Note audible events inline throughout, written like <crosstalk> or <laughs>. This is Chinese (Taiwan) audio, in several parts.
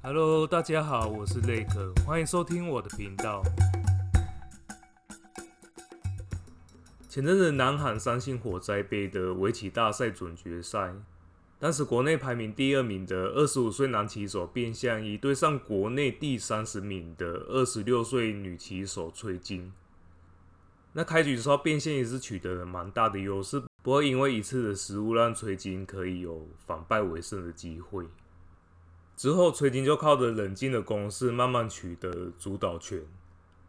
Hello，大家好，我是雷克，歡迎收聽我的頻道。前陣子，南韓三星火災杯的圍棋大賽總決賽，當時國內排名第二名的二十五歲男棋手卞相一對上國內第三十名的二十六歲女棋手崔金。那開局的時候，卞相也是取得了蠻大的優勢，不過因為一次的失誤，讓崔金可以有反敗為勝的機會。之後，崔精就靠着冷靜的攻勢慢慢取得主導權。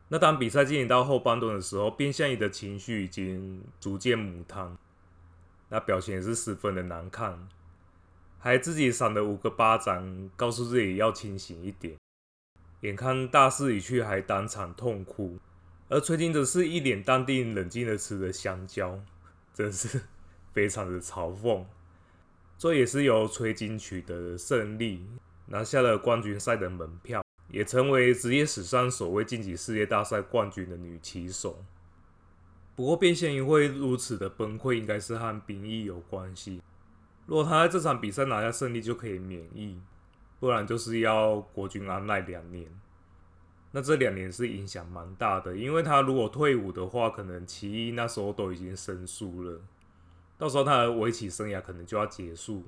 那當比賽進行到後半段的時候，卞相壹的情緒已經逐漸母湯，那表情也是十分的難看，還自己扇了五個巴掌，告訴自己要清醒一點。眼看大勢已去，還當場痛哭，而崔精則是一臉淡定、冷靜的吃着香蕉，真是非常的嘲諷。這也是由崔精取得勝利。拿下了冠軍賽的門票，也成為職業史上首位晉級世界大賽冠軍的女棋手。不過，卞相壹會如此的崩潰，應該是和兵役有關係。如果他在這場比賽拿下勝利，就可以免役；不然，就是要國軍安耐兩年。那這兩年是影響蠻大的，因為他如果退伍的話，可能棋藝那時候都已經生疏了，到時候他的圍棋生涯可能就要結束。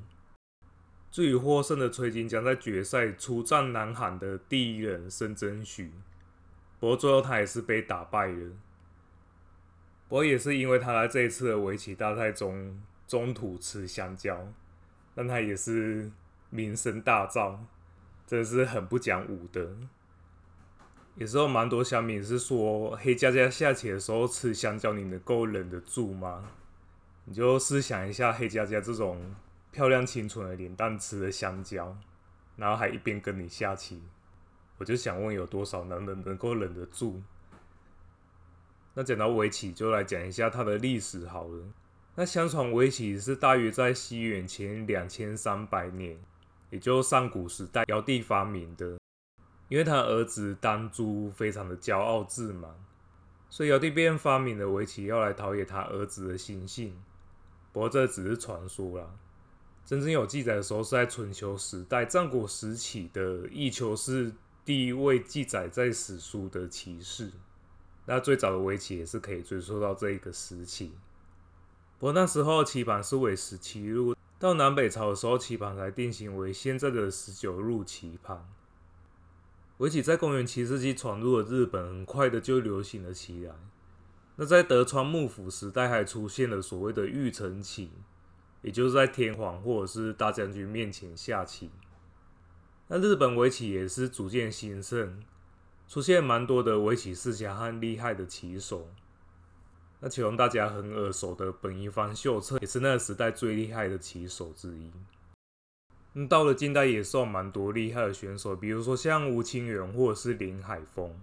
至於獲勝的崔金將在決賽出戰南韓的第一人申真諝，不過最後他也是被打敗了。不過也是因為他在這一次的圍棋大賽中中途吃香蕉，讓他也是名聲大噪，真的是很不講武德。有時候蠻多鄉民是說黑嘉嘉下棋的時候吃香蕉，你能夠忍得住嗎？你就試想一下黑嘉嘉這種。漂亮清純的臉蛋，吃的香蕉，然後還一邊跟你下棋，我就想問有多少男人能夠忍得住？那講到圍棋，就來講一下它的歷史好了。那相傳圍棋是大約在西元前兩千三百年，也就上古時代堯帝發明的。因為他兒子丹朱非常的驕傲自滿，所以堯帝便發明了圍棋，要來陶冶他兒子的心性。不過這只是傳說啦。真正有記載的時候是在春秋時代、戰國時期的弈秋是第一位記載在史書的棋士。那最早的圍棋也是可以追溯到這一個時期。不過那時候棋盤是為十七路，到南北朝的時候棋盤才定型為現在的十九路棋盤。圍棋在公元七世紀傳入了日本，很快的就流行了起來。那在德川幕府時代還出現了所謂的御城棋。也就是在天皇或者是大將軍面前下棋，那日本圍棋也是逐漸興盛，出現蠻多的圍棋世家和厲害的棋手。那其中大家很耳熟的本因坊秀策，也是那個時代最厲害的棋手之一。那到了近代也是有蠻多厲害的選手，比如說像吳清源或者是林海峰。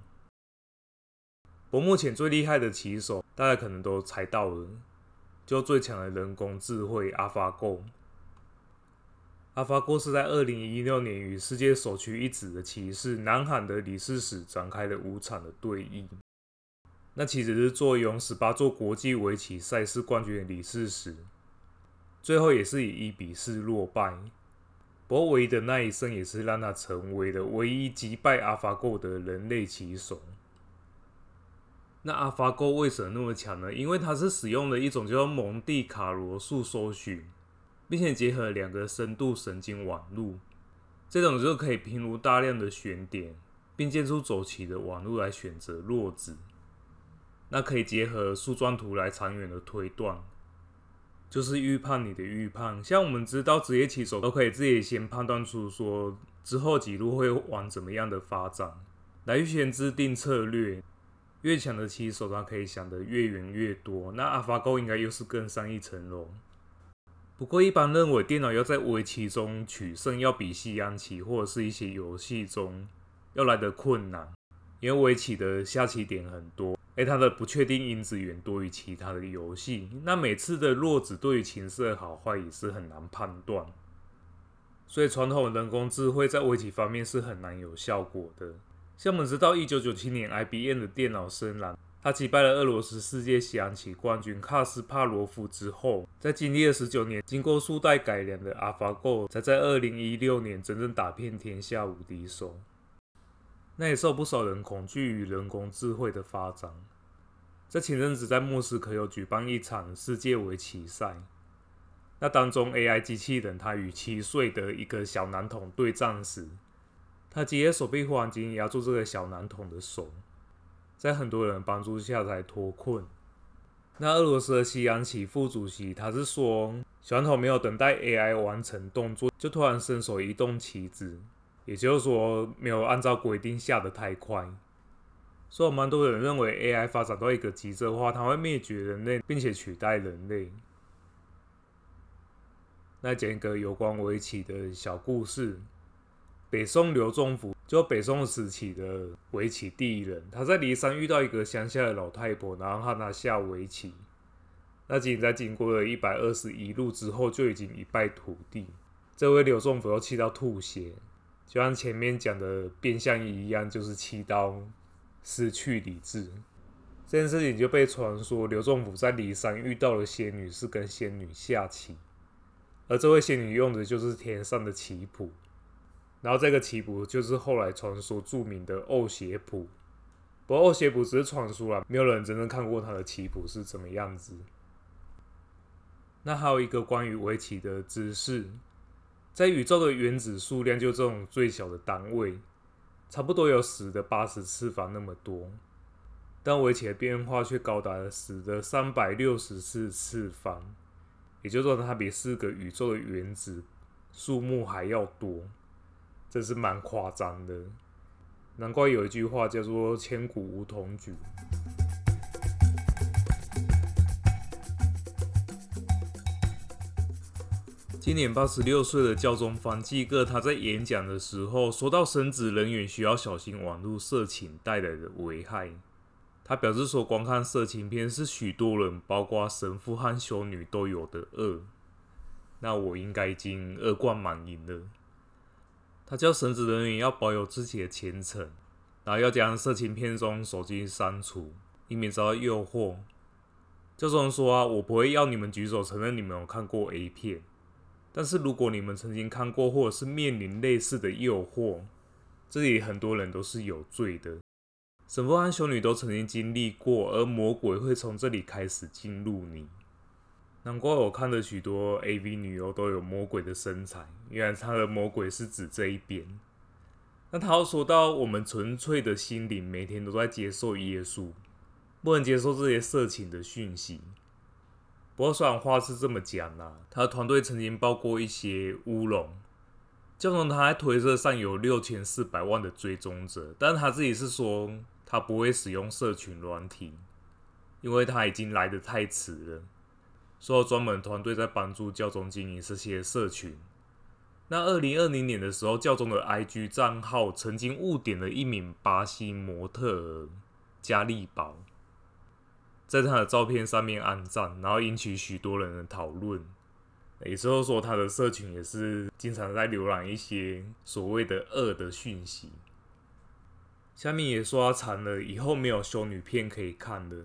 我目前最厲害的棋手，大家可能都猜到了。就最強的人工智慧阿法狗。阿法狗是在二零一六年與世界首屈一指的棋士南韓的李世石展開了五場的對弈，那其實是坐擁十八座國際圍棋賽事冠軍的李世石，最後也是以一比四落敗。不過唯一的那一勝，也是讓他成為了唯一擊敗阿法狗的人類棋手。那 AlphaGo 為什麼那麼強呢？因為它是使用了一種叫蒙地卡羅樹搜尋，並且結合兩個深度神經網絡，這種就可以評估大量的選點，並建出走棋的網路來選擇落子。那可以結合樹狀圖來長遠的推斷，就是預判你的預判。像我們知道職業棋手都可以自己先判斷出說之後幾路會往怎麼樣的發展，來預先制定策略。越強的棋手，他可以想得越遠越多。那 AlphaGo 應該又是更上一層樓哦。不過，一般認為電腦要在圍棋中取勝，要比西洋棋或者是一些遊戲中要來得困難，因為圍棋的下棋點很多，而、欸、它的不確定因子遠多於其他的遊戲。那每次的落子對於形勢的好壞也是很難判斷，所以傳統的人工智慧在圍棋方面是很難有效果的。像我們知道，一九九七年 IBM 的電腦深藍，它擊敗了俄羅斯世界西洋棋冠軍卡斯帕羅夫之後，在經歷了十九年、經過數代改良的阿爾法狗，才在二零一六年真正打遍天下無敵手。那也受不少人恐懼於人工智慧的發展。在前陣子在莫斯科有舉辦一場世界圍棋賽，那當中 AI 機器人它與七歲的一個小男童對戰時，那機械手臂忽然緊壓住這個小男童的手，在很多人幫助下才脫困。那俄羅斯的西洋棋副主席，他是說，小男童沒有等待 AI 完成動作，就突然伸手移動棋子，也就是說，沒有按照規定下得太快。所以，有蠻多人認為 AI 發展到一個極致的話，它會滅絕人類，並且取代人類。那講一個有關圍棋的小故事。北宋劉仲甫就北宋時期的圍棋第一人，他在驪山遇到一個鄉下的老太婆，然後和他拿下圍棋，那棋在經過了一百二十一路之後就已經一敗塗地，這位劉仲甫又氣到吐血，就像前面講的變相一一樣，就是氣到失去理智。這件事情就被傳說劉仲甫在驪山遇到了仙女，是跟仙女下棋，而這位仙女用的就是天上的棋譜。然後這個棋譜就是後來傳說著名的《嘔血譜》，不過《嘔血譜》只是傳說啦，沒有人真正看過它的棋譜是怎麼樣子。那還有一個關於圍棋的知識，在宇宙的原子數量，就這種最小的單位，差不多有十的八十次方那麼多，但圍棋的變化卻高達了十的三百六十四次方，也就是說，它比四個宇宙的原子數目還要多。真是蠻誇張的，難怪有一句話叫做“千古無同局”。今年八十六歲的教宗方濟各，他在演講的時候說到，神職人員需要小心網絡色情帶來的危害。他表示說，觀看色情片是許多人，包括神父和修女都有的惡。那我應該已經惡貫滿盈了。他叫神職人員要保有自己的虔誠，然後要將色情片從手機刪除，以免遭到誘惑。教宗說啊，我不會要你們舉手承認你們有看過 A 片，但是如果你們曾經看過或者是面臨類似的誘惑，這裡很多人都是有罪的。神父和修女都曾經經歷過，而魔鬼會從這裡開始進入你。難怪我看了許多 AV 女優都有魔鬼的身材，原來他的魔鬼是指這一邊。那他又說到我們純粹的心靈每天都在接受耶穌，不能接受這些色情的訊息。不過雖然話是這麼講啦、啊，他團隊曾經報過一些烏龍，就從他在推特上有六千四百萬的追蹤者，但他自己是說他不會使用社群軟體，因為他已經來得太遲了。說專門團隊在幫助教宗經營這些社群。那二零二零年的時候，教宗的 IG 賬號曾經誤點了一名巴西模特兒加利寶，在他的照片上面按讚，然後引起許多人的討論。也就是說他的社群也是經常在瀏覽一些所謂的惡的訊息。下面也說他慘了，以後沒有修女片可以看了。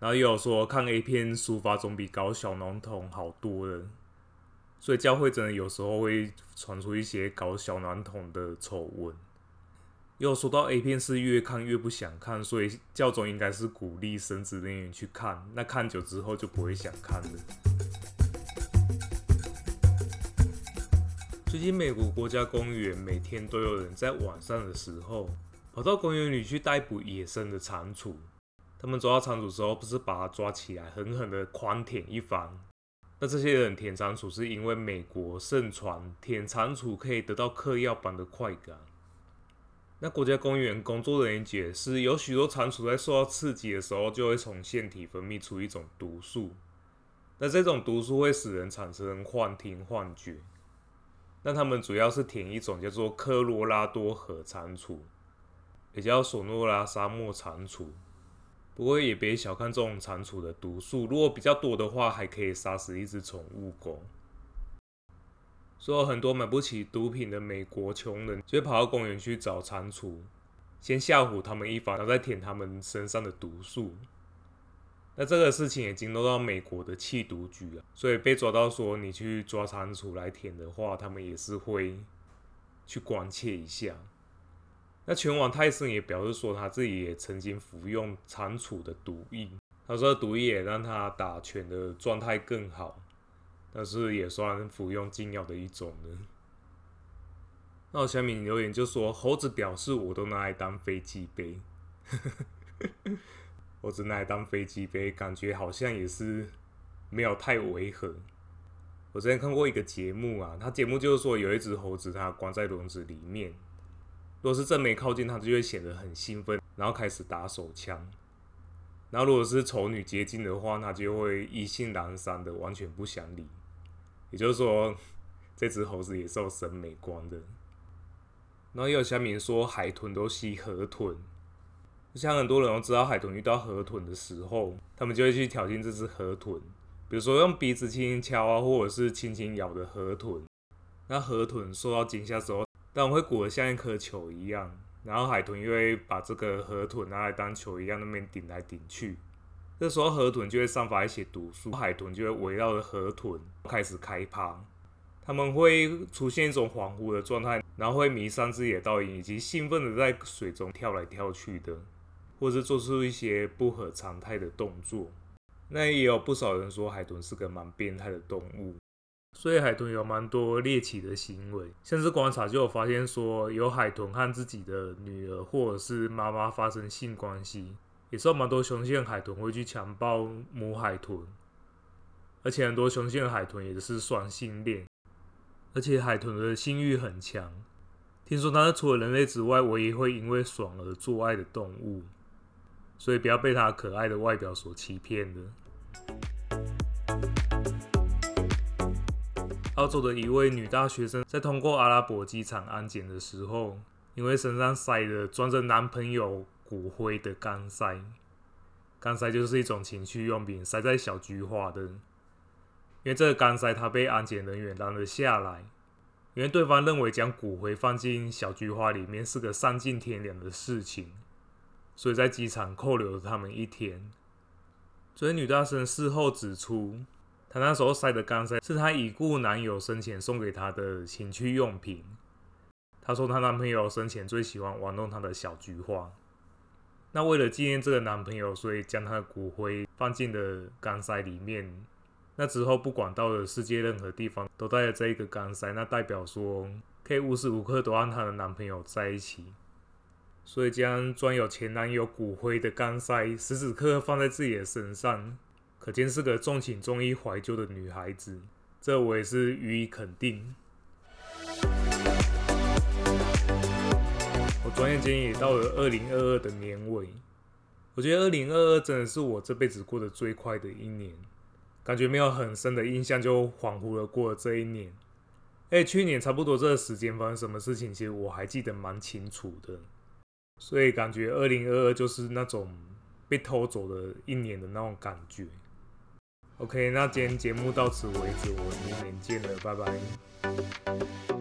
然後又有說看 A 片抒發總比搞小男童好多了，所以教會真的有時候會傳出一些搞小男童的醜聞。又說到 A 片是越看越不想看，所以教宗應該是鼓勵神職人員去看，那看久之後就不會想看了。最近美國國家公園每天都有人在晚上的時候跑到公園裡去逮捕野生的蟾蜍。他們抓到蟾蜍之後，不是把它抓起來狠狠地狂舔一番？那這些人舔蟾蜍是因為美國盛傳舔蟾蜍可以得到嗑藥般的快感。那國家公園工作人員解釋，是有許多蟾蜍在受到刺激的時候，就會從腺體分泌出一種毒素。那這種毒素會使人產生幻聽幻覺。那他們主要是舔一種叫做科羅拉多河蟾蜍，也叫索諾拉沙漠蟾蜍。不過也別小看這種蟾蜍的毒素，如果比較多的話，還可以殺死一隻寵物狗。所以很多買不起毒品的美國窮人，就跑到公園去找蟾蜍，先嚇唬他們一番，然後再舔他們身上的毒素。那這個事情也驚動到美國的緝毒局了，所以被抓到說你去抓蟾蜍來舔的話，他們也是會去關切一下。那拳王泰森也表示說，他自己也曾經服用蟾蜍的毒液。他說，毒液也讓他打拳的狀態更好，但是也算服用禁藥的一種了。那小敏留言就說：“猴子表示，我都拿來當飛機杯，我 <laughs> 猴子拿來當飛機杯，感覺好像也是沒有太違和。”我之前看過一個節目啊，他節目就是說有一隻猴子，它關在籠子裡面。如果是正妹靠近他，就會顯得很興奮，然後開始打手槍。然後如果是醜女接近的話，他就會意興闌珊的完全不想理。也就是說，這只猴子也是有審美觀的。然後也有下面說海豚都吸河豚，像很多人都知道海豚遇到河豚的時候，他們就會去挑釁這只河豚，比如說用鼻子輕輕敲啊，或者是輕輕咬的河豚。那河豚受到驚嚇之後。但我會鼓得像一顆球一樣，然後海豚就會把這個河豚拿來當球一樣那邊頂來頂去，這時候河豚就會散發一些毒素，海豚就會圍繞着河豚開始開趴，它們會出現一種恍惚的狀態，然後會迷上自己的倒影，以及興奮的在水中跳來跳去的，或是做出一些不合常態的動作。那也有不少人說海豚是個蠻變態的動物。所以海豚有蠻多獵奇的行為，像是觀察就有發現說，有海豚和自己的女兒或者是媽媽發生性關係，也是有蠻多雄性海豚會去強暴母海豚，而且很多雄性海豚也是雙性戀，而且海豚的性慾很強，聽說它是除了人類之外唯一會因為爽而做愛的動物，所以不要被它可愛的外表所欺騙了。澳洲的一位女大學生在通過阿拉伯機場安檢的時候，因為身上塞了裝着男朋友骨灰的鋼塞，鋼塞就是一種情趣用品，塞在小菊花的。因為這個鋼塞，她被安檢人員攔了下來，因為對方認為將骨灰放進小菊花裡面是個喪盡天良的事情，所以在機場扣留了他們一天。所以女大學生事後指出。她那時候塞的鋼塞是她已故男友生前送給她的情趣用品。她說她男朋友生前最喜歡玩弄她的小菊花，那為了紀念這個男朋友，所以將她的骨灰放進了鋼塞裡面。那之後不管到了世界任何地方，都帶着這一個鋼塞，那代表說可以無時無刻都和她的男朋友在一起。所以將裝有前男友骨灰的鋼塞時時刻刻放在自己的身上。可見是個重情重義懷舊的女孩子，這我也是予以肯定。我轉眼間也到了二零二二的年尾，我覺得二零二二真的是我這輩子過得最快的一年，感覺沒有很深的印象就恍惚的過了這一年。哎、欸，去年差不多這個時間發生什麼事情，其實我還記得蠻清楚的，所以感覺二零二二就是那種被偷走的一年的那種感覺。OK，那今天節目到此為止，我們明年見了，拜拜。